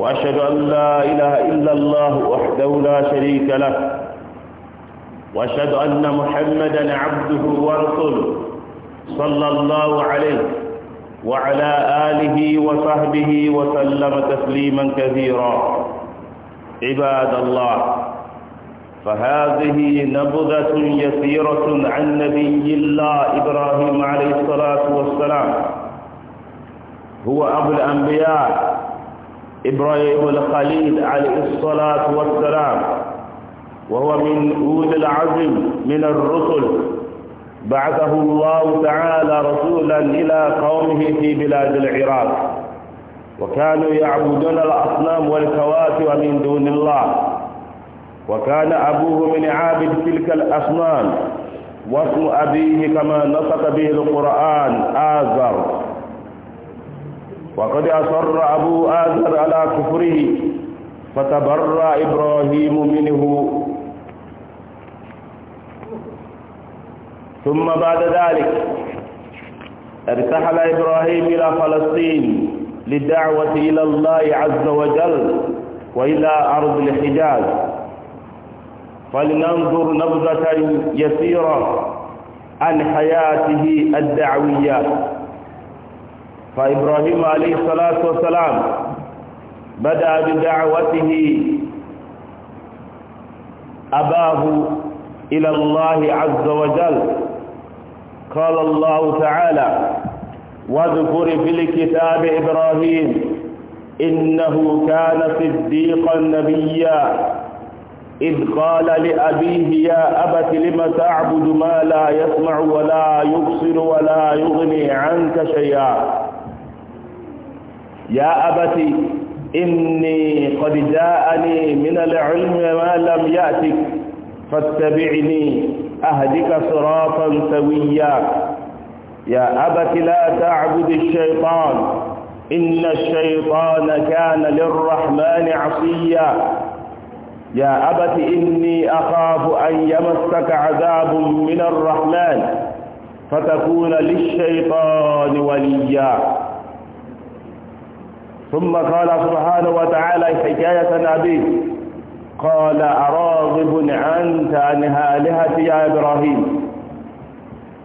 وأشهد أن لا إله إلا الله وحده لا شريك له وأشهد أن محمدا عبده ورسوله صلى الله عليه وعلى آله وصحبه وسلم تسليما كثيرا عباد الله فهذه نبذة يسيرة عن نبي الله إبراهيم عليه الصلاة والسلام هو أبو الأنبياء إبراهيم الخليل عليه الصلاة والسلام وهو من أولي العزم من الرسل بعثه الله تعالى رسولا إلى قومه في بلاد العراق وكانوا يعبدون الأصنام والكواكب من دون الله وكان أبوه من عابد تلك الأصنام واسم أبيه كما نطق به القرآن آزر وقد أصر أبو آذر على كفره فتبرأ إبراهيم منه ثم بعد ذلك ارتحل إبراهيم إلى فلسطين للدعوة إلى الله عز وجل وإلى أرض الحجاز فلننظر نبذة يسيرة عن حياته الدعوية فإبراهيم عليه الصلاة والسلام بدأ بدعوته أباه إلى الله عز وجل قال الله تعالى واذكر في الكتاب إبراهيم إنه كان صديقا نبيا إذ قال لأبيه يا أبت لم تعبد ما لا يسمع ولا يبصر ولا يغني عنك شيئا يا أبتي إني قد جاءني من العلم ما لم يأتك فاتبعني أهدك صراطا سويا يا أبت لا تعبد الشيطان إن الشيطان كان للرحمن عصيا يا أبت إني أخاف أن يمسك عذاب من الرحمن فتكون للشيطان وليا ثم قال سبحانه وتعالى حكاية أبيه قال أراغب أنت عن آلهتي يا إبراهيم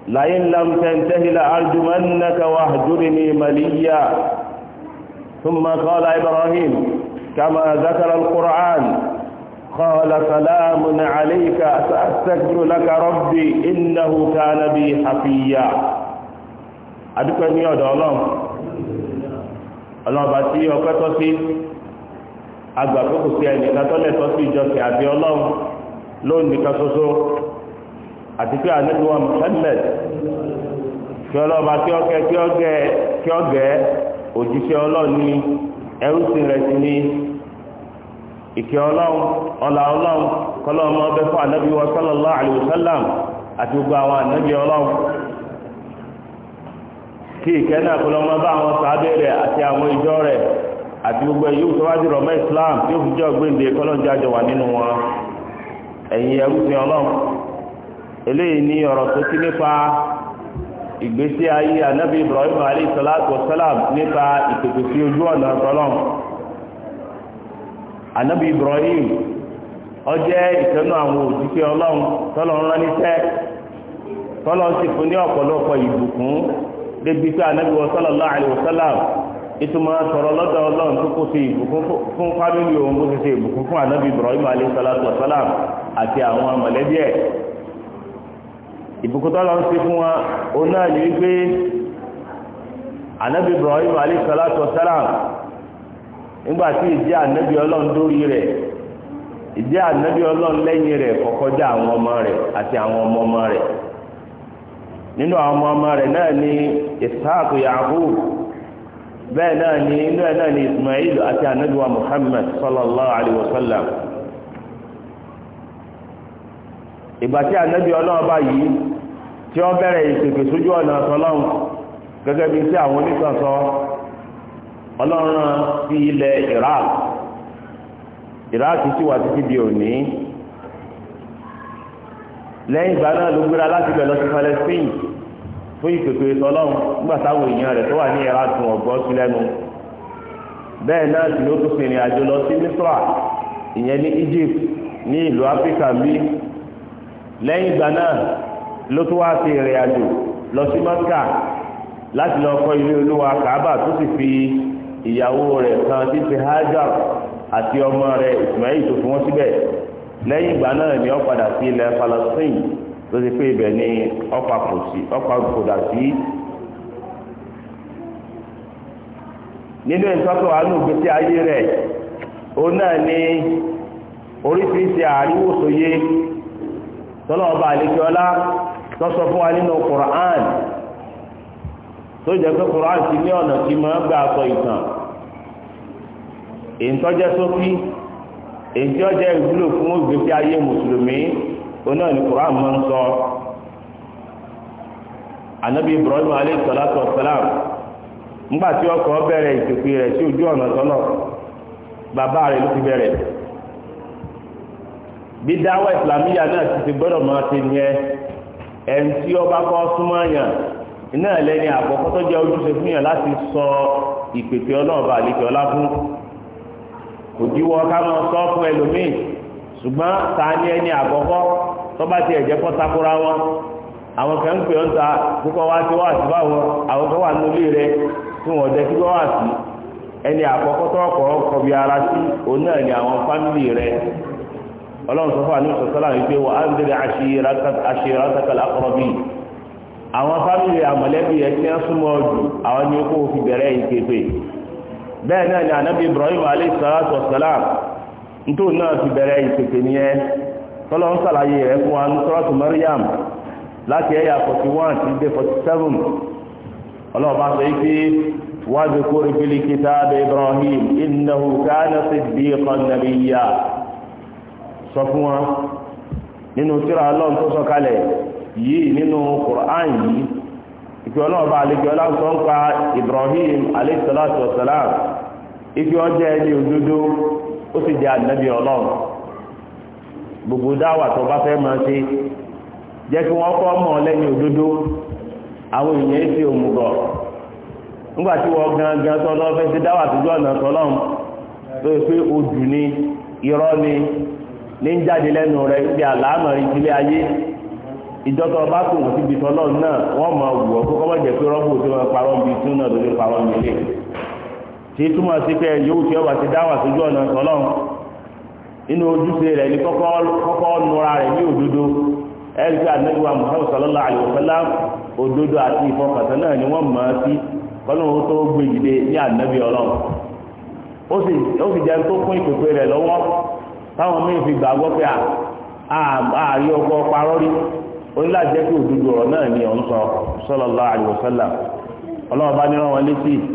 لئن لم تنتهي لأرجمنك واهجرني مليا ثم قال إبراهيم كما ذكر القرآن قال سلام عليك سأستكبر لك ربي إنه كان بي حفيا أدكني يا دولام ọlọ́ọ̀bá tí ọpẹ́ tọ́ sí agbà sí ẹnìkan tó lẹ́tọ́ sí ìjọsìn àbí ọlọ́run lóun nìkan àti pé àníwọ̀n Muhammad kí ọlọ́ọ̀bá kí ọkẹ kí ọgẹ kí ọgẹ òjíṣẹ́ ọlọ́run ní rẹ̀ sí ní ìkẹ́ ọlọ́run ọlá ọlọ́run kí ìkẹ́nà ọ̀pọ̀lọpọ̀ bá àwọn sàábẹ̀ rẹ̀ àti àwọn ìjọ rẹ̀ àti gbogbo ẹ̀yọ́ tó wájú Islam tí ó fi wà nínú wọn ẹ̀yin ẹrú fi eléyìí ní ọ̀rọ̀ tó ti nípa Ibrahim alayhi salatu salam nípa ìpèpè sí ojú ọ̀nà ọ̀tọ́lọ́n Ibrahim ìtẹ́nu àwọn òjíṣẹ́ rán níṣẹ́ sì fún ní ọ̀pọ̀lọpọ̀ ìbùkún débi pé anabi wa alayhi wa sallam ìtumọ̀ sọ̀rọ̀ lọ́dọ̀ ọlọ́run tó kó sí ìbùkún fún fámìlì òun bó ṣe ìbùkún fún ibrahim àti àwọn mọ̀lẹ́bí ẹ̀ ìbùkún fún wa òun náà ní wípé ibrahim nígbà tí ọlọ́run dórí rẹ̀ ọlọ́run lẹ́yìn rẹ̀ kọ́kọ́ àwọn ọmọ rẹ̀ àti àwọn ọmọ ọmọ rẹ̀ nínú àwọn ọmọ ọmọ rẹ̀ náà ni ishaq yaqub bẹ́ẹ̀ náà ni inú ẹ̀ náà ni ismail àti anabiwa muhammad sallallahu alayhi wa sallam ìgbà tí anabi ọlọ́ọ̀bá yìí tí ó bẹ̀rẹ̀ ìpèpè sójú ọ̀nà ọ̀tọ̀lọ́hùn gẹ́gẹ́ bí tí àwọn oníkan ọlọ́run sí ilẹ̀ iraq iraq sì wà títí lẹ́yìn ìgbà náà ló gbéra láti bẹ̀ lọ sí Palestine fún ìpèpè tọlọ́run nígbà táwọn èèyàn rẹ̀ tó wà ní ẹ̀rọ àtún ọ̀gbọ́n sí lẹ́nu bẹ́ẹ̀ náà sì ló tún fi ìrìn àjò lọ sí Misra ìyẹn ní Egypt ní ìlú Áfíríkà bí lẹ́yìn ìgbà náà ló tún wá sí ìrìn àjò lọ sí Mọ́kà láti lọ kọ́ ilé olúwa Kàábà tó sì fi ìyàwó rẹ̀ kan títí Hajar àti ọmọ rẹ̀ Ismail tó fi wọ́n síbẹ̀ lẹ́yìn ìgbà náà ni ó padà sí ilẹ̀ Palestine tó ti pé ibẹ̀ ni ọkọ̀ àkùdà sí. nínú ìtọ́tọ̀ àánú gbèsè ayé rẹ̀ òun náà ni oríṣiríṣi àríwòsòye tọ́lọ́ ọba àlekíọ́lá tọ́sọ fún wa nínú Qur'an tó jẹ́ pé Qur'an ti ní ọ̀nà tí máa ń gbà sọ ìtàn èyí tọ́jẹ́ sókí. So èyí tí ó jẹ́ ìwúlò fún ìgbésí ayé mùsùlùmí onáà ní Qur'an máa ń sọ anabi Ibrahim alayhi salatu wa salam ńgbà tí ọkọ̀ bẹ̀rẹ̀ ìtòkì rẹ̀ sí ojú ọ̀nà sọ́nà bàbá rẹ̀ ló ti bẹ̀rẹ̀ bí dáwà ìsìlámíyà náà ti ti gbọ́dọ̀ máa ti yẹ ẹni tí ó bá kọ́ súnmọ́ yàn iná ẹ̀lẹ́ni àkọ́kọ́ tó jẹ́ ojúṣe fún yàn láti sọ ìpèpè ọlọ́ọ̀bà àlejò ọlá fún kò díwọ́ ká máa sọ fún ẹlòmíì ṣùgbọ́n ta ẹni àkọ́kọ́ tọba ti ẹ̀jẹ̀ kọ́ wọn àwọn kan ń pè ọ́n ta wá báwọn ẹni àkọ́kọ́ tó ọkọ̀ ara sí òun náà ni àwọn fámìlì rẹ ọlọ́run sọ fún àníṣọ sọ́lá wípé wọ́n á ń bèrè bíi àwọn fámìlì àmọ̀lẹ́bí ẹ̀ tí wọ́n súnmọ́ ọdún àwọn ni bẹ́ẹ̀ náà ni ànábì Ibrahim alayhi salatu wassalam nítorí náà ti bẹ̀rẹ̀ ìpèpè nìyẹn tọ́lọ́ ń sàlàyé rẹ̀ fún wa ní sọ́rọ́tù Maryam láti ẹ̀yà 41 sí dé 47 ọlọ́ọ̀bá sọ yìí pé واذكر في الكتاب إبراهيم إنه كان صديقا نبيا صفوا nínú tírà Ọlọ́run tó sọ̀kalẹ̀ yìí nínú Qur'an yìí ìpè Ọlọ́run bá àlejò ń pa Ibrahim alayhi salatu wa ifi ọjọ́ ẹni òdodo ó sì jẹ́ ànábì ọlọ́run gbogbo dáwà tó bá fẹ́ máa ṣe jẹ́ kí wọ́n kọ́ lẹ́ni òdodo àwọn èèyàn ti òmùgọ̀ wọ́n gangan fẹ́ dáwà tó tọ́lọ́run tó yẹ pé odù ni irọ́ ni ní ń jáde lẹ́nu rẹ̀ ibi àlámọ̀ ìdílé ayé ìjọba ọba kò náà wọ́n mọ̀ tí túmọ̀ sí pé ya tí ọba ti dáwà sójú ọ̀nà ọlọ́run nínú ojúṣe rẹ̀ ní kọ́kọ́ nura rẹ̀ ní òdodo alayhi wa sallam òdodo àti náà ni wọ́n mọ̀ ọ́ sí kọ́lọ́run tó gbé ní ànábì ọlọ́run ó sì jẹ́ tó kún ìpèpè rẹ̀ lọ́wọ́ táwọn míì fi gbàgbọ́ pé ọkọ̀ parọ́ rí òdodo ọ̀rọ̀ náà ni ọ̀ ń sọ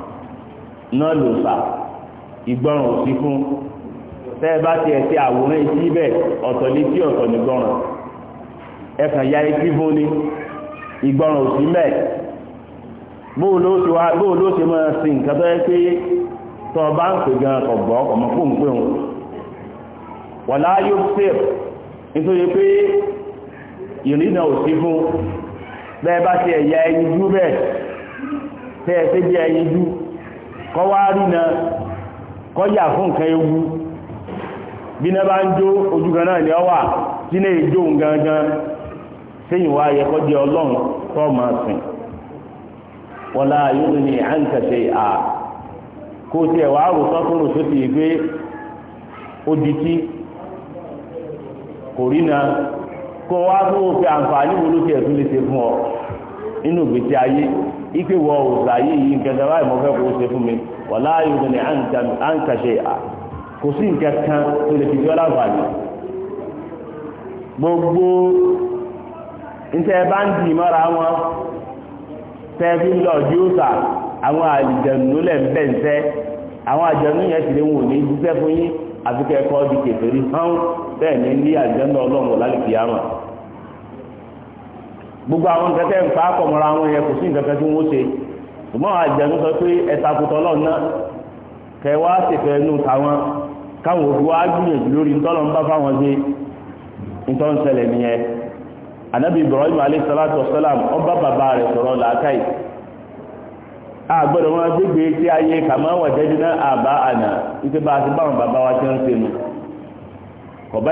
náà lò sà ìgbọràn ò sí fún tẹ́ ẹ bá tiẹ̀ ti àwòrán etí bẹ́ẹ̀ ọ̀tọ̀ létí ọ̀tọ̀ nígbọràn ẹ kàn ya etí fún ni ìgbọràn ò sí mẹ́ẹ̀ bóò ló ṣe wá bóò ló ṣe máa sin nǹkan tó yẹ pé tó ọba ń pè gan ọ̀gbọ́ ọmọ fún un pé òun wọ̀lá yóò sèp nítorí pé ìrìnà ò sí fún bẹ́ẹ̀ bá ti ẹ̀yà ẹyin jú bẹ́ẹ̀ tẹ́ ẹ sí bí ẹyin jú kọwaa wá rí na kọ́ yà fún nǹkan ewu bí na bá ń jó ojú náà ni ọ wà tí náà jó gangan sẹ́yìn wá yẹ kọ́ jẹ ọlọ́run tó máa sìn wọ́lá yóò ní àǹkàṣe à kó tiẹ̀ wá rò sọ́kúrò sóti pé ó di tí kò rí na kó wá tó fi àǹfààní wo ló ọ nínú ike wọ òòsà yìí nke nǹkan kan báyìí o ṣe fún mi wàlá yóò ní àǹkà à kò sí kan tó lè fi gbogbo ń dì mọ́ra wọn tẹ́ lọ di àwọn àlìjẹ̀nù lẹ̀ ń bẹ̀ ń àwọn àjẹ̀nù yẹn sì ní fún ni ọlọ́run gbogbo àwọn nǹkan tẹ́ ń pa àkọmọ́ra àwọn yẹn kò sí nǹkan tí wọ́n ṣe ṣùgbọ́n àjẹ̀nú sọ pé ẹ̀sàkùtọ̀ ọlọ́run náà kẹ wá ṣèfẹ́ káwọn òbí gbìyànjú lórí fáwọn ṣe ṣẹlẹ̀ nìyẹn anabi ibrahim alayhi salatu ọba làákàyè wọn gbégbé tí kàmá náà àná bá a ti bàbá wa ti ń ṣe kọ̀bá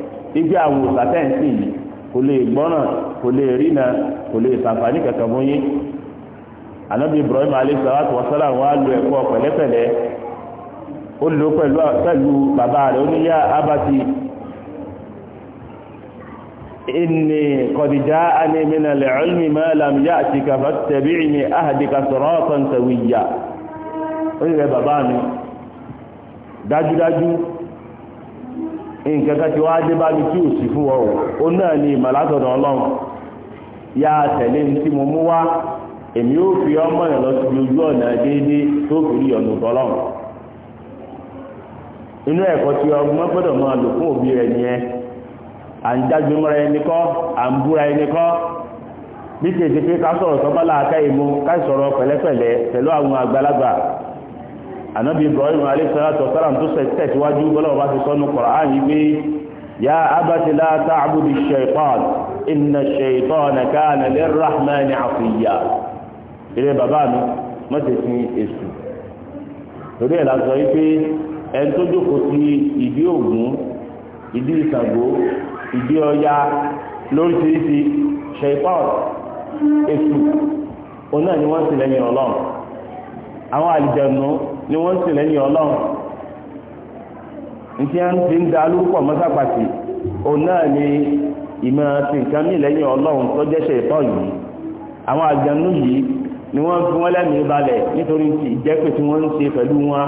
ibi àwòsàn tẹ̀sí yìí kò lè gbọ́ràn kò lè rìnà kò lè sàǹfààní kankan fún yín anabi ibrahim alayhi salatu wa salam wa lu ẹ̀kọ́ pẹ̀lẹ́pẹ̀lẹ́ ó lò pẹ̀lú pẹ̀lú bàbá rẹ̀ ó ní yá abati inni qad ja'ani min al-ilmi ma lam ya'tika fattabi'ni ahdika siratan sawiyya ó ní bàbá mi dájúdájú nǹkan kan ti wá dé bá mi tí ò sí ni ìmọ̀látọ̀dọ̀ ọlọ́run ya tẹ̀lé tí mo mú wá èmi fi ọmọ yẹn lọ síbi ojú ọ̀nà déédéé tó fi rí ọ̀nà ọlọ́run inú ẹ̀kọ́ tí ọgbọ́n gbọ́dọ̀ máa lò fún òbí rẹ̀ nìyẹn à ń mọ́ra ẹni kọ́ à ń búra ẹni kọ́ bí tètè pé ká sọ̀rọ̀ ànábì ibrahim aleyhisalatu wasalam tó tẹ̀síwájú bọ́lọ́wọ́ bá ti sọ́nu Qur'an yìí pé ya abati la ta'budi shaitan inna shaitana kana lirrahmani asiya ilé bàbá mi mọ́tẹ̀ sí èṣù torí ẹ̀ lásọ yìí pé ẹni tó jókòó sí ìdí ògún ìdí ìsàgbó ìdí ọya lóríṣiríṣi shaitan èṣù òun náà ni wọ́n sì lẹ́yìn ọlọ́run àwọn àlìjẹ̀nu ni wọ́n ń lẹ́yìn ọlọ́run a ń ti ń da alúkọ mọ́sápàtì òun náà ni ìmọ̀ ti nǹkan mí lẹ́yìn ọlọ́run tó jẹ́ṣẹ̀ ìtọ́ yìí àwọn àjànú yìí ni wọ́n fi wọ́n lẹ́mìí balẹ̀ nítorí ti ìjẹ́pẹ̀ tí wọ́n ń ṣe pẹ̀lú wọn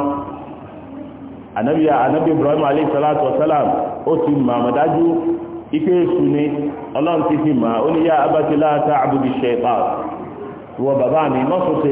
anabi anabi ibrahim alayhi salatu wasalam ó ti mọ̀ ike èṣù ni ọlọ́run ti fi ó ní yá láta ṣe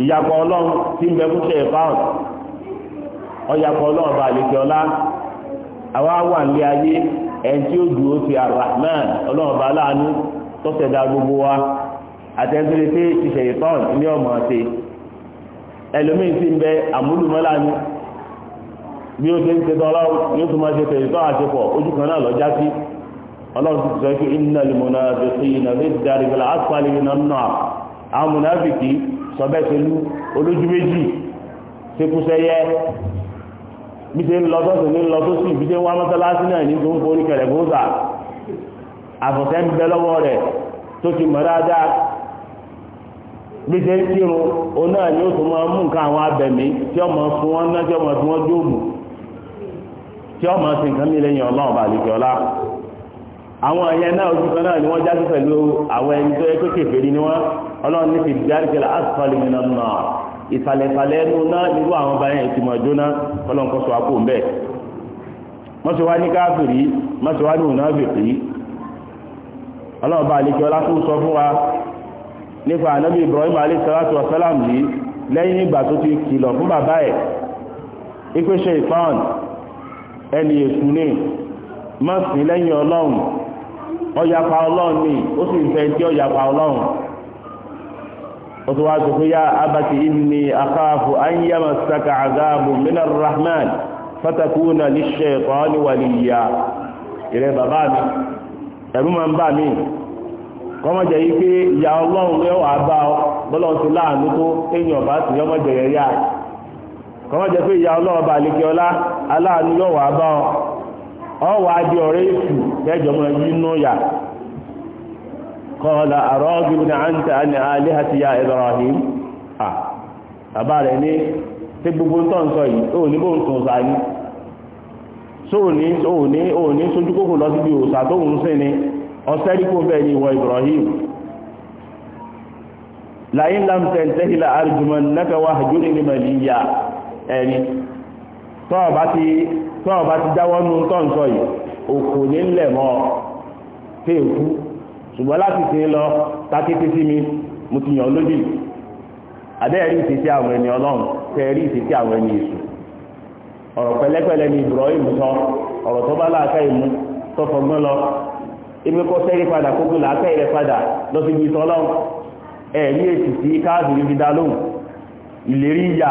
ìyàpọ̀ ọlọ́run tí ń bẹ fún ṣe ọyàpọ̀ ọlọ́run bá lè fi ọlá àwa wà ní ayé ẹni tí ó dúró ti ar ọlọ́run bá láàánú tọ́sẹ̀dá gbogbo wa àtẹ̀sílẹ̀ tí ní ọmọ ṣe ẹlòmíín ń bẹ bí ó ṣe ń ṣe tọ́lá yóò tún máa ṣe àṣepọ̀ sọbẹ́sẹ̀lú olójú méjì sekusẹ́yẹ bí ṣe ń lọ sọ́sì ní lọ sósì bí ṣe ń wá mọ́sálásí náà ní tó ń forí kẹrẹ̀ bóńsà àfọ̀tẹ́ ń bẹ lọ́wọ́ rẹ̀ tó ti mọ̀ dáadáa bí ń kírun òun náà ni ó tún máa mú nǹkan àwọn abẹ̀mí tí ọmọ fún wọn náà tí ọmọ fún wọn jóòmù tí ọmọ sì nǹkan mi lẹ́yìn ọlọ́run bàlùkì ọlá àwọn ẹ̀yẹ náà ojú kan náà ni wọ́n jáde pẹ̀lú àwọn ẹni tó yẹ pé kèfèrí ni wọ́n ọlọ́run ní fi dárìkẹ́lá asfali mi náà nà ìsàlẹ̀sàlẹ̀ ẹnu náà nírú àwọn ọba yẹn ìtìmọ̀ jóná ọlọ́run kọ́ sọ àpò ń bẹ̀. mọ́sọ̀ wá ní káfìrí mọ́sọ̀ wá ní òun náà fèfèrí ọlọ́run bá àlekẹ́ ọlá tó sọ fún wa nípa ànábì Ibrahim aleyhisselatu wasalam yìí lẹ́yìn ìgbà lẹ́yìn ọ̀yàpá ọlọ́run ni ó sì ń fẹ́ tí ọ̀yàpá ọlọ́run ó tó wá abati inni akáàfù anyamọ saka azabu minar rahman fatakuna lish ni waliya ìrẹ bàbá mi ẹ̀rù ma ń bà mí kọ́mọ̀jẹ̀ yìí pé ìyá ọlọ́run ló wà bá ọ bọ́lá ti láàánú tó èèyàn bá sì yọmọ̀jẹ̀ yá pé ìyá ọlọ́run bá lè kí ọlá ọ ọwọ́ adé ọ̀rẹ́ èsù kẹjọ mọ́ inú yà kọ́ọ̀lá àrọ́gbìn ní àǹtà ní àléhàtí ya Ibrahim à bàbá rẹ̀ ntọ tí gbogbo ń tọ́n sọ yìí òní bó ń tún sa ní sóòní òní òní sójú kókò lọ síbi òòsà tó ń sìn ní ọ̀sẹ́ríkò bẹ́ẹ̀ ni ìwọ Ibrahim láyín lámtẹ̀ntẹ́hì láàrùjùmọ̀ nẹ́kẹ̀wàá jùlọ ní mẹ́lìyà ẹni tọ́ọ̀ bá ti tó ọba ti jáwọ́ nù tọ́ǹtọ́ yìí òkò ní ńlẹ̀ mọ́ ṣùgbọ́n láti ṣe lọ takété sí mi mo ti yàn lódì àbẹ́ẹ̀rí àwọn ẹni ọlọ́run tẹ́ẹ̀rí ìṣesí àwọn ẹni èṣù ọ̀rọ̀ pẹ̀lẹ́pẹ̀lẹ́ ni Ibrahim sọ ọ̀rọ̀ tó bá láàká ìmú tó fọgbọ́n lọ kọ́ sẹ́rí padà kókó padà lọ sí ibi ìtọ́lọ́run ẹ̀rí èsì sí káàdì lóhùn ìlérí ìyà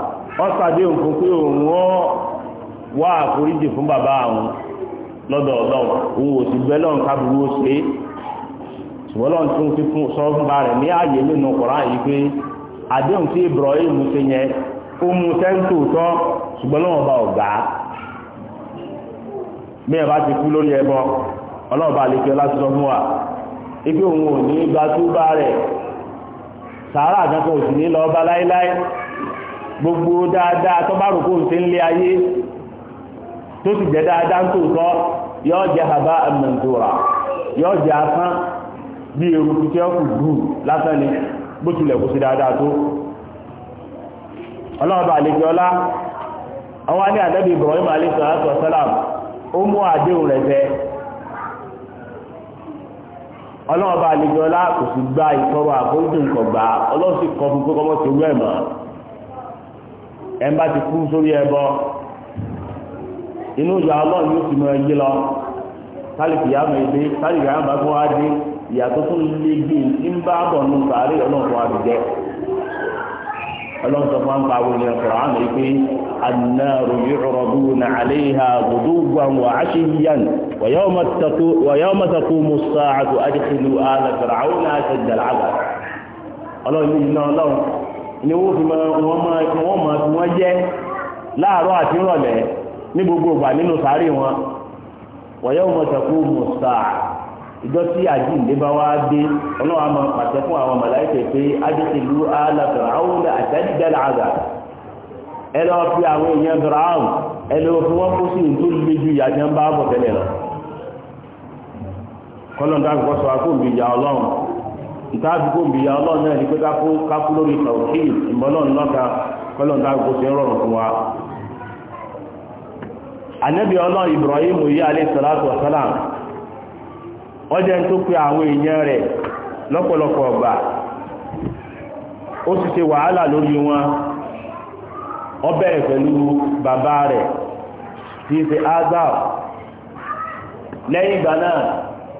ọ̀sàdé nǹkan pé òun ọ́ wá àforíjì fún bàbá àwọn lọ́dọ̀ ọlọ́run òun ò sì ó ṣe ṣùgbọ́n ti fún sọ rẹ̀ ní ààyè nínú Kùránì yìí pé àdéhùn tí Ibrahim ṣe ti kú lórí ẹbọ wa òun ò gbogbo dáadáa tó bá rò kó n ṣe ń lé ayé tó sì jẹ́ dáadáa ń tòótọ́ yóò jẹ́ haba amẹ̀ntora yóò jẹ́ asán bí eruku tí ó dùn lásán ni bó tilẹ̀ kó dáadáa tó ọlọ́ọ̀bà àlejò ọlá ní Ibrahim salam ó mú àdéhùn rẹ̀ tẹ́ ọlọ́ọ̀bà àlejò ọlá kò sì gba ìtọrọ àkójù nǹkan gbà ọlọ́ọ̀sì kọ fún pé ti wú ẹn bá ti kú sórí ẹbọ inú ìyá ọlọ́run yóò ti mọ ẹyí lọ sálìkì yá mọ èdè sálìkì yá bá tún wá dé ìyá tó tún lé gbé ní e ń bá bọ̀ nù sàárè ọlọ́run tó wá ọlọ́run tó fún wa wọlé ọ̀sọ̀rọ̀ àmì pé annaru yu'raduna 'alayha ghuduwan wa 'ashiyyan wa yawma taqumu as-sa'atu adkhilu ala fir'auna ashadda al-'adab ọlọ́run yìí ni wọ́n fi wọ́n máa fi wọ́n jẹ́ láàárọ̀ àti ìrọ̀lẹ́ ní gbogbo ìgbà nínú sáré wọn wọ̀yẹ́ wọn tẹ̀kú mùsà ìjọ tí àjíǹde bá wá dé ọlọ́wọ́ àmọ́ pàṣẹ fún àwọn màláìkè pé adéṣèlú alàtọ̀ àwọn àgà ẹ fi àwọn èèyàn dọ̀rọ̀ ẹ fi wọ́n kó sí ìyàjẹ́ ń bá bọ̀ tẹ́lẹ̀ lọ ìtàdúgbò ya ọlọ́run náà ní pé kákú lórí tàwùkì ìmọ̀lọ́run lọ́ta kọ́lọ́n dágbò rọrùn fún wa anẹ́bí ọlọ́run Ibrahim yìí alayhi salatu wa ọjẹ́ tó pé àwọn èèyàn rẹ̀ lọ́pọ̀lọpọ̀ ọgbà ó sì ṣe wàhálà lórí wọn ọ bẹ̀rẹ̀ pẹ̀lú bàbá rẹ̀ tí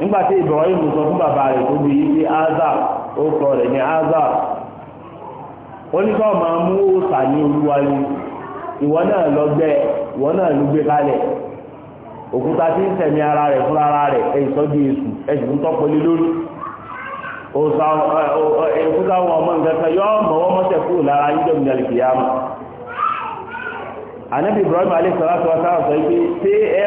nígbàtí Ibrahim sọ fún bàbá rẹ̀ tó bí ibi azar ó kọ rẹ̀ ní azar ó máa mú òòsà ní olúwa ìwọ náà lọ gbẹ́ ìwọ náà ló gbé kalẹ̀ òkúta tí ń ara rẹ fúnra ara rẹ̀ ẹ̀ ìsọ́jú èṣù ẹ̀jù ń tọ́pọ̀ lé lórí òkúta wọn ọmọ nǹkan kan yọ ọmọ wọn anabi Ibrahim alayhi salatu wa sallam sọ pé ṣé ẹ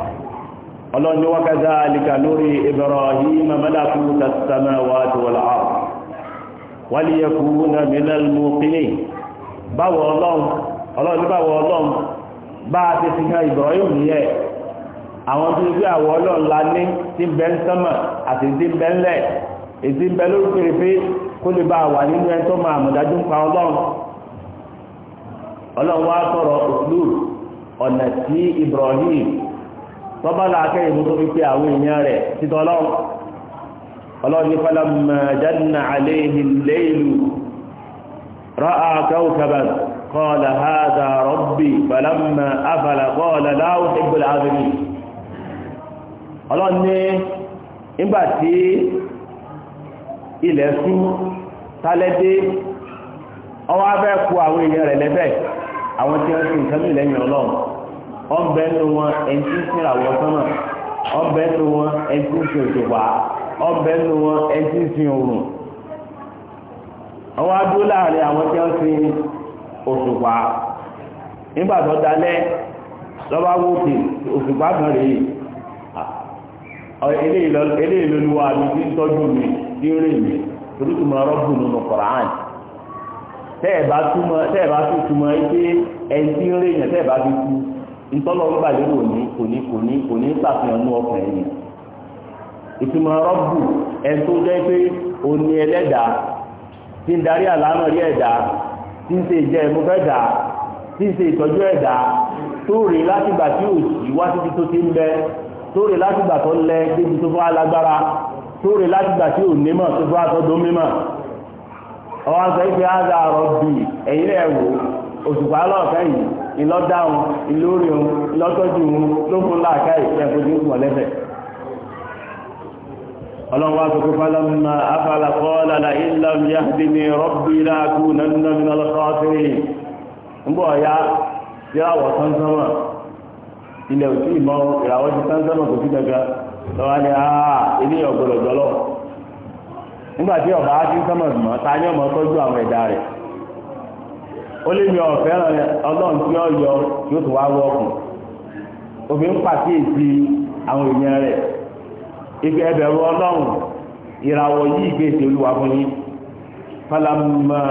ọlọ́ni wa kadhalika nuri Ibrahima malakuta as-samawati wal-ard waliyakuna minal muqinin báwọ̀ ọlọ́run ọlọ́run báwọ̀ ọlọ́run bá a ti fi hàn Ibrahim nìyẹn àwọn tó ń fi àwọ̀ ọlọ́run la ní tí ń bá a wà nínú ẹni tó ọ̀nà tí Ibrahim tọ́ba làákẹ́ ìmú tó fi pé àwọn èèyàn rẹ̀ títọ́ ọlọ́run ọlọ́run ní falamma janna alayhi al-laylu ra'a kawkaban qala hadha rabbi falamma afala qala la uhibbu al-'afilin ọlọ́run ní àwọn tí wọ́n ti nǹkan mìíràn lẹ́yìn ọlọ́run ọbẹ̀ tó wọn ẹni ń fẹ́ra wọ sọ́nà ọbẹ̀ wọn ẹni ń fi òṣùpá ọbẹ̀ tó wọn ẹni ń fi òrùn àwọn láàrin àwọn tí òṣùpá nígbà tó wókè òṣùpá kan rèé mi ń tọ́jú mi tí ń rìn mi ntọ́lọ́ ń gbàlérò ní ni ní kò ní kò ní sàfihàn ní ọkàn ìtumọ̀ rọ́bù ẹni jẹ́ pé o ní ẹlẹ́dàá tí ń darí àlámọ̀ rí ẹ̀dá tí ń ṣe ìjẹ́ ẹ̀mú fẹ́ dà tí ń ṣe ìtọ́jú ẹ̀dá tó rè látìgbà tí ò sí wá títí tó ti ń bẹ tó rè látìgbà tó lẹ débi tó fún alágbára tó rè látìgbà tí ò nímọ̀ tó fún atọ́dọ́ mímọ̀ ọ̀hún sọ pé ága rọ́bì ẹ̀yìn rẹ̀ òṣùpá lọ́ọ̀kẹ́ yìí ìlọ́dá òun ìlórí òun ìlọ́tọ́jú òun ló fún láàká ìfẹ́fojú pọ̀ lẹ́fẹ̀ ọlọ́run wá sọ́kú fálámà afálàkọ́ọ́lá ilẹ̀ yahdini rọ́bì láàkú nánà nínú ya ó lé mi ọ̀fẹ́ràn ọlọ́run tí ó yọ yóò tó wá wọ́ọ̀kùn òfin pàkíyèsí àwọn èèyàn rẹ̀ ìfẹ́ ẹbẹ̀rù ọlọ́run ìràwọ̀ yìí gbèsè olúwa fún yín falamma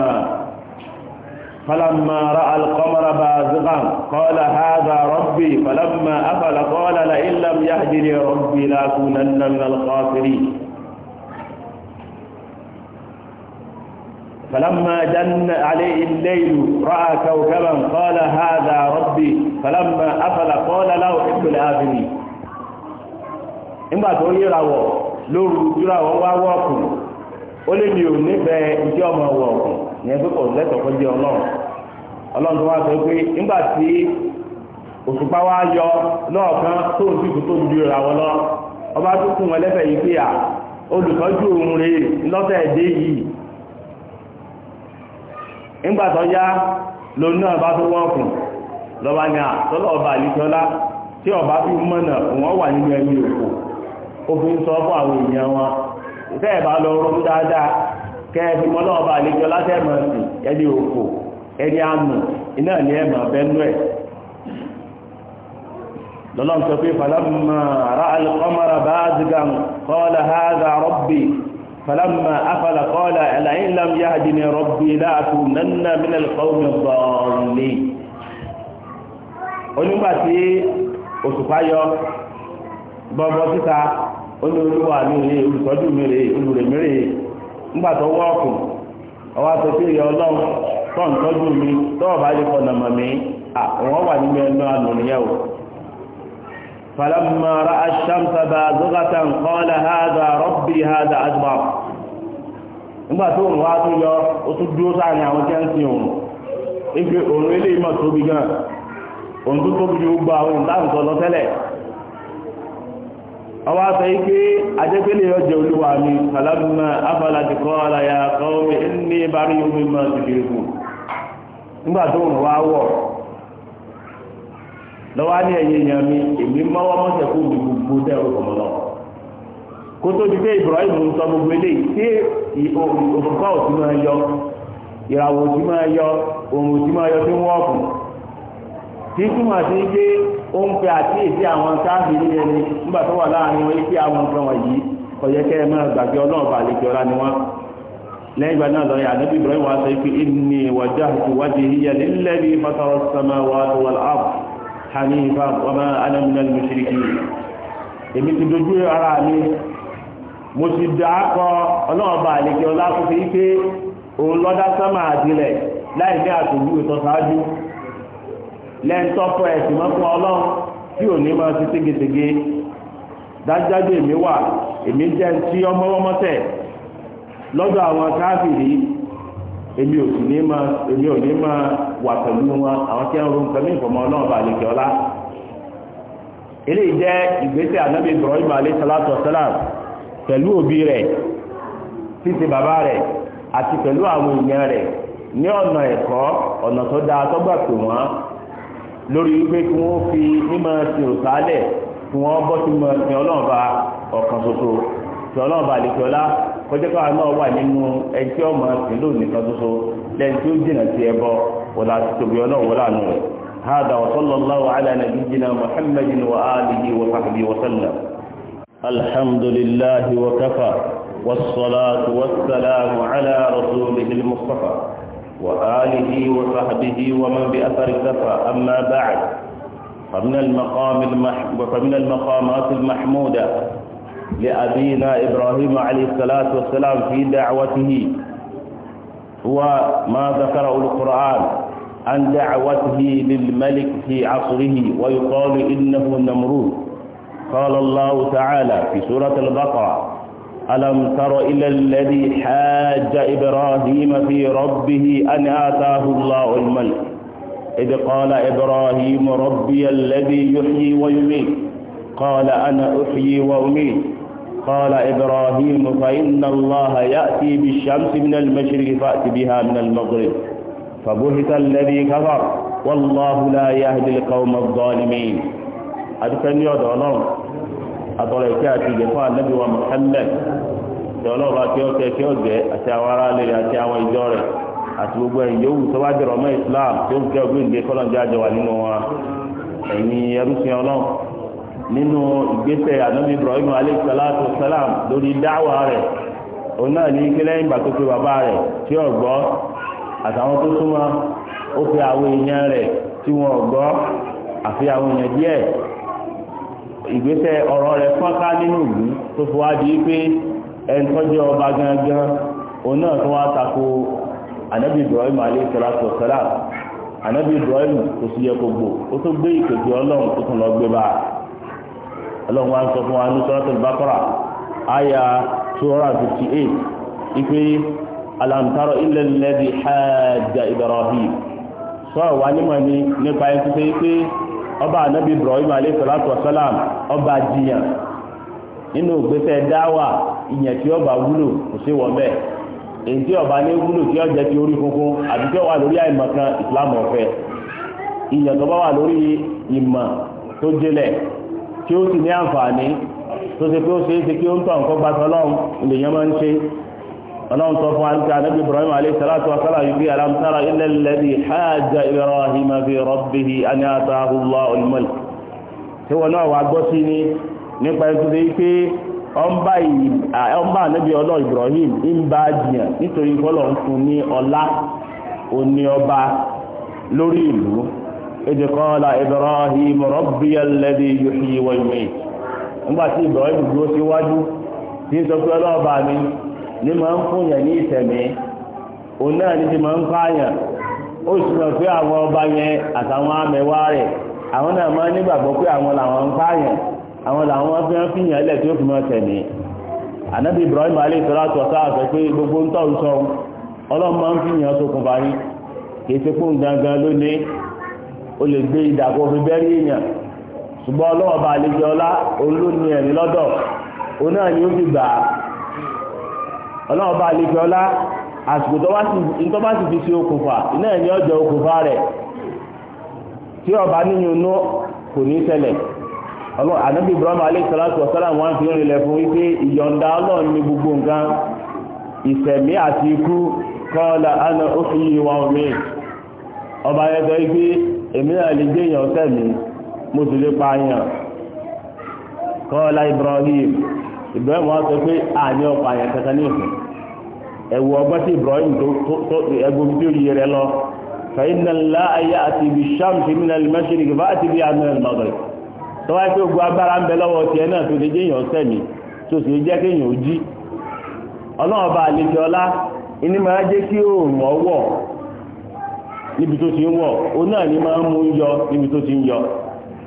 falamma ra'a al-qamara bazighan qala hadha rabbi falamma afala la in lam yahdini rabbi la akunanna فلما جن عليه الليل رأى كوكبا قال هذا ربي فلما أفل قال لا أحب الآفلين nígbà tó yíra wọ̀ lóru jura wọ́n wá wọ́ọ̀kùn ó lè mi ò nífẹ̀ẹ́ iṣẹ́ ọmọ wọ̀ọ̀kùn yẹn pé kò lẹ́tọ̀ọ́ kó jẹ́ ọlọ́run ọlọ́run tó wá sọ pé nígbà tí òṣùpá wá yọ lọ́ọ̀kan tó ń dìbò tó ń ju ìra wọn lọ ọba tó kún wọn lẹ́fẹ̀ẹ́ yìí pé à olùtọ́jú òun rèé lọ́sẹ̀ dé yìí ńgbàtọ̀ yá lónú náà bá tó wọ́n fún ọba àlítọ́lá tí ọba fi mọ́nà wọ́n wà nínú ẹni òkú ó fi ń sọ fún àwọn èèyàn wọn ìfẹ́ lọ rọrùn dáadáa kẹfì mọ́lọ́ ọba àlítọ́lá tẹ́mọ̀ sí ẹni فلما أفل قال لئن لم يهدني ربي لأكونن من القوم الضالين onígbà tí òṣùpá yọ bọ́bọ́ síta oníolúwa ní ilé olùtọ́jú mèrè olùrè mèrè ńgbà tó wọ́ ọ̀kùn ọwọ́ tó fi yọ ọlọ́run tó ń tọ́jú mi tọ́wọ́ bá lè fọ̀nà mọ̀ mí àwọn wà nínú ẹnu ànùnìyàn o فلما رأى الشمس بازغة قال هذا ربي هذا أدبر nígbà tó òun wá tó yọ ó tún dúró sáàrin àwọn tí ń sin òun ife òun eléyìí mọ̀ tóbi gan òun tó tóbi ju gbogbo àwọn ìdáhùn sọ lọ tẹ́lẹ̀ ike ajẹ́gbẹ́lẹ̀ ọjọ́ olúwa mi kàlámà afọláti kọ́ aláya kọ́wé ní ìbárí omi mọ́ ìbìrì kù nígbà tó wá wọ̀ lọ́wọ́ ní ẹ̀yìn èèyàn mi èmi mọ́wọ́ mi gbogbo dẹ́rù kó tó pé Ibrahim ń sọ gbogbo eléyìí tí òfòkọ́ òtí máa yọ ìràwọ̀ òtí máa yọ òun òtí máa yọ tí wọ́n kù tí túmọ̀ sí pé ó ń pe àwọn sáàbì ní ẹni nígbà tó wà láàrin wọn pé àwọn nǹkan wọ̀nyí ọ̀yẹ́ kẹ́ ẹ máa gbàgbé ọlọ́run bá lè jọra ni wọ́n lẹ́yìn ìgbà náà Ibrahim wa sọ pé inni wajjahtu wajhiya lilladhi fatara as-samawati ma èmi mo ti dà á kọ ọlọ́ọ̀bà àlejò ọlá kó fi òun lọ́dá láì ní àtòjú ètò ṣáájú lẹ́ńtọ́ ẹ̀sìn mọ́ ọlọ́run tí ò ní máa ti ségesège dájáde èmi wà èmi jẹ́ ti ọmọwọ́mọ́tẹ̀ lọ́dọ̀ àwọn káfìrí èmi ò sì ní máa èmi ò ní máa wà pẹ̀lú wọn àwọn tí wọ́n ń pẹ̀lú òbí rẹ̀ títí bàbá rẹ̀ àti pẹ̀lú àwọn èèyàn rẹ̀ ní ọ̀nà ẹ̀kọ́ ọ̀nà tó dáa tó gbà pè wọ́n lórí wípé kí wọ́n fi mímọ ti òsálẹ̀ kí wọ́n bọ́ sí mọ ti ọlọ́run ba ọ̀kan ṣoṣo ti ọlọ́run ba àlejò ọlá kọjá káwọn náà wà nínú ẹjẹ́ ọmọ sí lónìí kan ṣoṣo lẹ́yìn tí ó jìnà sí ẹbọ wọlá ti tóbi ọlọ́run wọlá rẹ̀ hádà wa sallallahu ala nabiyyina muhammadin wa alihi wa الحمد لله وكفى والصلاة والسلام على رسوله المصطفى وآله وصحبه ومن بأثر كفى أما بعد فمن المقام المحمود فمن المقامات المحمودة لأبينا إبراهيم عليه الصلاة والسلام في دعوته هو ما ذكره القرآن عن دعوته للملك في عصره ويقال إنه نمرود قال الله تعالى في سورة البقرة ألم تر إلى الذي حاج إبراهيم في ربه أن آتاه الله الملك إذ قال إبراهيم ربي الذي يحيي ويميت قال أنا أحيي وأميت قال إبراهيم فإن الله يأتي بالشمس من المشرق فأت بها من المغرب فبهت الذي كفر والله لا يهدي القوم الظالمين adúpẹ́ ní ọ̀dọ̀ ọlọ́run àtọ̀rọ̀ ìkẹ́ àti ìgbẹ́ fún ànábì wa Muhammad tí ọlọ́run bá kí ó kẹ́ kí ó gẹ́ àti àwọn ará ilé rẹ̀ àti àwọn ìjọ rẹ̀ àti gbogbo ẹ̀yìn yòówù tó bá jẹ̀rọ̀ mọ́ Islam tó ń kẹ́ ògbéǹde kọ́lọ́njẹ́ àjọ wà nínú wọn ẹ̀yin ẹrúsìn ọlọ́run nínú ìgbésẹ̀ ànábì Ibrahim alayhi salam lórí dáwà rẹ̀ òun náà ní kí ìgbà tó pe bàbá rẹ̀ tí ò gbọ́ àtàwọn tó súnmọ́ ó fi àwọn èèyàn rẹ̀ tí wọ́n gbọ́ àfi àwọn èèyàn díẹ̀ ìgbésẹ̀ ọ̀rọ̀ rẹ̀ fọ́nká nínú ìlú tó fi wá di pé ẹni tọ́jú ọba gangan òun náà tó wá tako anabi ibrahim alayhi salatu wa salam anabi ibrahim kò sí yẹ gbogbo ó tó gbé ìkejì ọlọ́run tó tún lọ gbé bá ọlọ́run wa ń sọ fún wa ní suratul baqara aya two ipe alamtaro illa alladhi hajja ibrahim sọ wà nímọ̀ ni nípa ẹni tó ṣe pé ọba anabi ibrahim alayhi salatu wa salam ọba jiyàn nínú ògbésẹ̀ dáwà ìyẹn tí ọba wúlò kò sí wọn bẹ́ẹ̀ èyí tí ọba ní wúlò tí ọjà ti orí funfun àti tí ó wà lórí àìmọ̀kan ìsìlámù ọ̀fẹ́ ìyẹn tó bá wà lórí ìmọ̀ tó jẹlẹ̀ tí ó sì ní àǹfààní tó ṣe pé ó ṣe é ṣe kí ó ń tọ̀ nǹkan gbàtọ́ lọ́hùn lèèyàn máa ń ṣe ọlọ́run sọ fún àríkà anábì ibrahim aleyhisalatu wasala yìí bí alamtara illa alladhi hajja ibrahim fi rabbihi an atahu Allahul mulk tí wọn náà wà gbọ́ sí ni nípa ẹ̀sùn tó yí pé ọmbà anábì ọlọ́ ibrahim ń bá jìyàn nítorí kọ́lọ̀ ń fún ní ọlá òní ọba lórí ìlú idh qala ibrahim rabbiya alladhi yuhyi ní ma ń fún yẹn ní ìtẹ̀mí òun náà ní ti máa ń pààyàn ó sì mọ̀ pé àwọn ọba yẹn àtàwọn amẹ̀wá rẹ̀ àwọn náà máa nígbàgbọ́ pé àwọn làwọn ń àwọn làwọn fi ń fi lẹ̀ tí ó fi tẹ̀mí ànábì Ibrahim gbogbo ń tọ́ sọ ọlọ́run máa ń fi kì í o lè gbé fi bẹ́rí èèyàn ṣùgbọ́n ọlọ́wọ́ àlejò ọlá òun ló náà ni ó ọlọ́run bá lè fi ọlá àsìkò tó bá sì fi ṣe okùnfà iná ẹ̀ ní ọjọ́ okùnfà rẹ̀ tí ọba nínú inú kò ní ṣẹlẹ̀ ànábì ibrahim aleyhisalatu wasalam wọn fi rìnlẹ̀ fún wípé ìyọ̀ǹda ọlọ́run ní gbogbo nǹkan ìṣẹ̀mí àti ikú kọ́ọ̀lá ana ó fi yí wa omi ọba yẹn sọ wípé èmi náà lè gbé èèyàn sẹ́mi mo sì lè pa àyàn kọ́ọ̀lá ibrahim Ibrahim wọn sọ pé àní ọkọ àyàn kankan ní ìsìn ẹwọ ọgbọ́n tí Ibrahim tó ẹgbọ́n tí ó yẹ rẹ lọ fẹ̀yìnà ńlá ayé àti ibi sàmùsì nínú ẹlẹ́mẹ́sìrì kìfà àti ibi àmì ẹlẹ́mọ̀dọ̀ tọ́wá pé ogun agbára ń bẹ lọ́wọ́ tiẹ̀ náà tó lè jẹ́ èèyàn sẹ́mi tó sì jẹ́ kéèyàn ó jí ọlọ́run bá àlejò ọlá ìní máa jẹ́ kí oòrùn ọwọ́ níbi tó ti ń wọ̀ ó náà ní máa ń mú yọ níbi tó ti ń yọ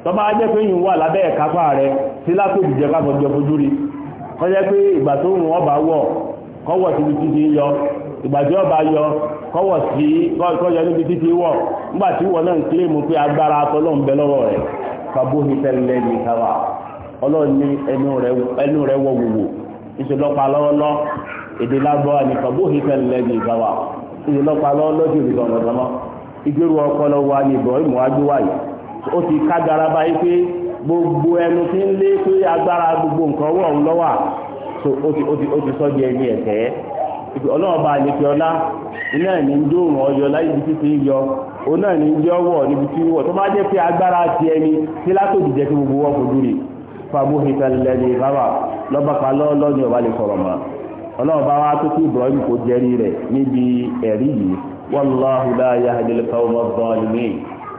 tọ́ba ajẹ́ pé yìí wà lábẹ́ ẹ̀kápá rẹ sí látòjì jẹ́ káfọ́ jẹ fojú rí kọjá pé ìgbà tó ọba wọ̀ kọ́wọ̀ síbi títí yọ ìgbà tí ọba yọ kọ́wọ̀ sí kọ́yọ níbi títí wọ̀ nígbà tí wọ́n náà ń pé agbára ń bẹ lọ́wọ́ rẹ̀ tẹ́lẹ̀ ní káwà ọlọ́ọ̀ni ẹnu rẹ̀ wọ ní káwà ìṣèlọ́pàá lọ́wọ́lọ́ gbogbo ẹnu tí ń lé pé agbára gbogbo nǹkan wọ̀ ń lọ́wà ó ti ó sọ di ẹni ẹ̀tẹ́ ọlọ́ọ̀ba àlejò ọlá iná ẹ̀mí ń dóòrùn ọyọ láyé ibi títí ń yọ òun náà ní jẹ́ ọwọ́ níbi tí wọ̀ tó bá jẹ́ pé agbára ti ẹni tí látòdì jẹ́ pé gbogbo lè sọ̀rọ̀ mọ́ tó kí Ibrahim kò jẹ́rí rẹ̀ níbi ẹ̀rí yìí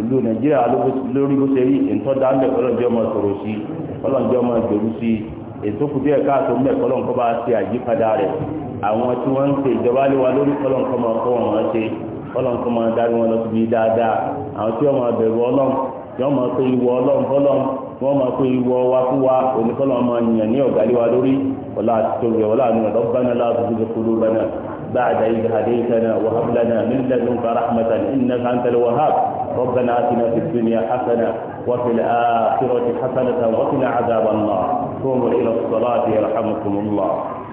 ìlú nàìjíríà lórí bó ṣe rí ìtọ́jà ń bẹ̀ ọlọ́njẹ́ ọmọ sọ̀rọ̀ sí ọlọ́njẹ́ ọmọ ìgbèrú sí ètò kùdí ẹ̀ka àtò mẹ́ kọ́lọ́nkọ́ bá ṣe àyípadà rẹ̀ àwọn tí wọ́n ń ṣe ìjọba lé wa lórí kọ́lọ́nkọ́ máa kọ́ wọn ṣe kọ́lọ́nkọ́ máa darí wọn lọ síbi dáadáa àwọn tí wọ́n máa bẹ̀rù ọlọ́run tí wọ́n máa pe ìwọ ọlọ́run fọlọ́run tí wọ́n máa ربنا آتنا في الدنيا حسنة وفي الآخرة حسنة وقنا عذاب النار قوموا إلى الصلاة يرحمكم الله